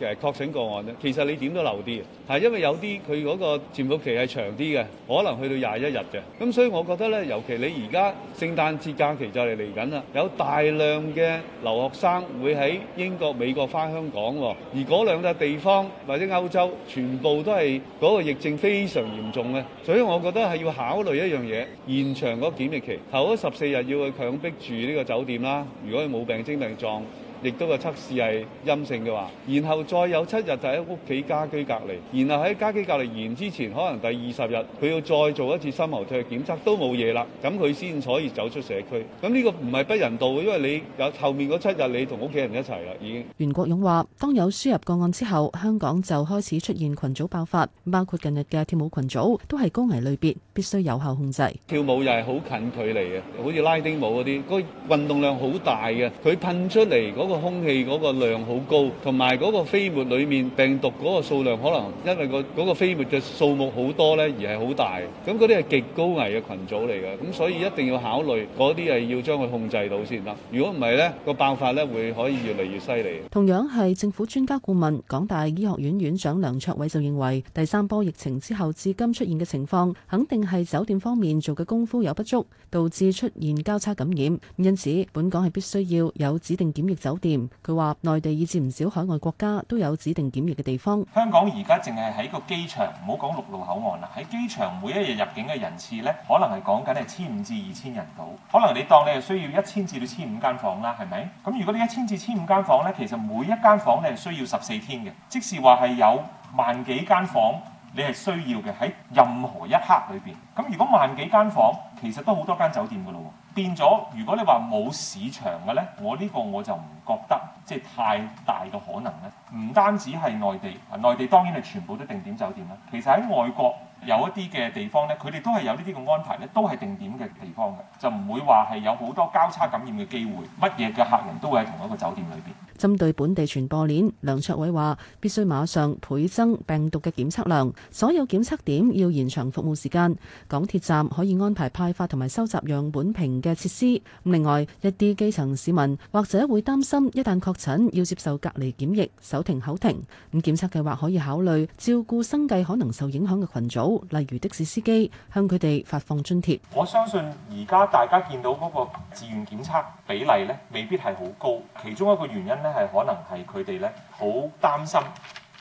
誒確診個案咧，其實你點都漏啲嘅，係因為有啲佢嗰個潛伏期係長啲嘅，可能去到廿一日嘅。咁所以我覺得咧，尤其你而家聖誕節假期就嚟嚟緊啦，有大量嘅留學生會喺英國、美國翻香港喎，而嗰兩笪地方或者歐洲全部都係嗰個疫症非常嚴重呢。所以我覺得係要考慮一樣嘢，延長嗰檢疫期，頭嗰十四日要去強逼住呢個酒店啦。如果佢冇病徵病狀，亦都個測試係陰性嘅話，然後再有七日就喺屋企家居隔離，然後喺家居隔離完之前，可能第二十日佢要再做一次深喉唾液嘅檢測，都冇嘢啦，咁佢先可以走出社區。咁呢個唔係不人道嘅，因為你有後面嗰七日你同屋企人一齊啦，已經。袁國勇話：當有輸入個案之後，香港就開始出現群組爆發，包括近日嘅跳舞群組都係高危類別，必須有效控制。跳舞又係好近距離嘅，好似拉丁舞嗰啲，嗰個運動量好大嘅，佢噴出嚟嗰、嗰個空氣嗰個量好高，同埋嗰個飛沫裏面病毒嗰個數量可能因為嗰個飛沫嘅數目好多呢，而係好大，咁嗰啲係極高危嘅群組嚟嘅，咁所以一定要考慮嗰啲係要將佢控制到先啦。如果唔係呢，個爆發呢會可以越嚟越犀利。同樣係政府專家顧問、港大醫學院院長梁卓偉就認為，第三波疫情之後至今出現嘅情況，肯定係酒店方面做嘅功夫有不足，導致出現交叉感染。因此，本港係必須要有指定檢疫酒。酒店，佢話內地以至唔少海外國家都有指定檢疫嘅地方。香港而家淨係喺個機場，唔好講陸路口岸啦。喺機場每一日入境嘅人次呢，可能係講緊係千五至二千人度。可能你當你係需要一千至到千五間房啦，係咪？咁如果你一千至千五間房呢，其實每一間房你係需要十四天嘅。即使話係有萬幾間房，你係需要嘅喺任何一刻裏邊。咁如果萬幾間房，其實都好多間酒店噶咯喎。變咗，如果你話冇市場嘅咧，我呢個我就唔覺得即係太大嘅可能咧。唔單止係內地，內地當然係全部都定點酒店啦。其實喺外國有一啲嘅地方咧，佢哋都係有呢啲嘅安排咧，都係定點嘅地方嘅，就唔會話係有好多交叉感染嘅機會。乜嘢嘅客人都會喺同一個酒店裏邊。針對本地傳播鏈，梁卓偉話：必須馬上倍增病毒嘅檢測量，所有檢測點要延長服務時間。港鐵站可以安排派發同埋收集樣本瓶嘅設施。另外，一啲基層市民或者會擔心，一旦確診要接受隔離檢疫，手停口停。咁檢測計劃可以考慮照顧生計可能受影響嘅群組，例如的士司機，向佢哋發放津貼。我相信而家大家見到嗰個自願檢測比例呢，未必係好高，其中一個原因呢係可能係佢哋咧好擔心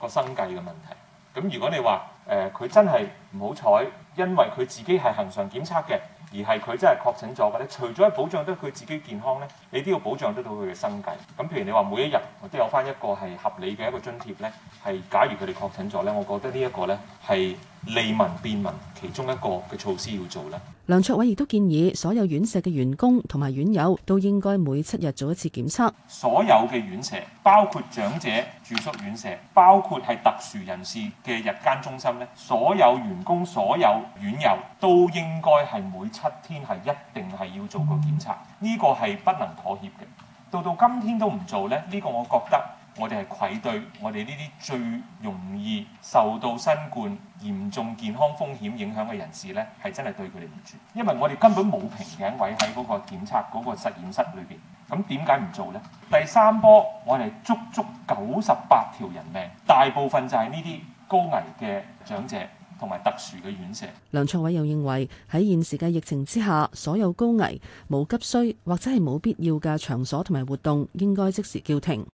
個生計嘅問題。咁如果你話誒佢真係唔好彩，因為佢自己係恆常檢測嘅，而係佢真係確診咗嘅咧，除咗係保障得佢自己健康咧，你都要保障得到佢嘅生計。咁譬如你話每一日我都有翻一個係合理嘅一個津貼咧，係假如佢哋確診咗咧，我覺得這呢一個咧係，是利民便民其中一個嘅措施要做咧，梁卓偉亦都建議所有院舍嘅員工同埋院友都應該每七日做一次檢測。所有嘅院舍，包括長者住宿院舍，包括係特殊人士嘅日間中心咧，所有員工、所有院友都應該係每七天係一定係要做個檢測，呢個係不能妥協嘅。到到今天都唔做呢，呢個我覺得。我哋係愧對我哋呢啲最容易受到新冠嚴重健康風險影響嘅人士呢，係真係對佢哋唔住，因為我哋根本冇瓶頸位喺嗰個檢測嗰個實驗室裏邊。咁點解唔做呢？第三波我哋足足九十八條人命，大部分就係呢啲高危嘅長者同埋特殊嘅院舍。梁卓偉又認為喺現時嘅疫情之下，所有高危冇急需或者係冇必要嘅場所同埋活動，應該即時叫停。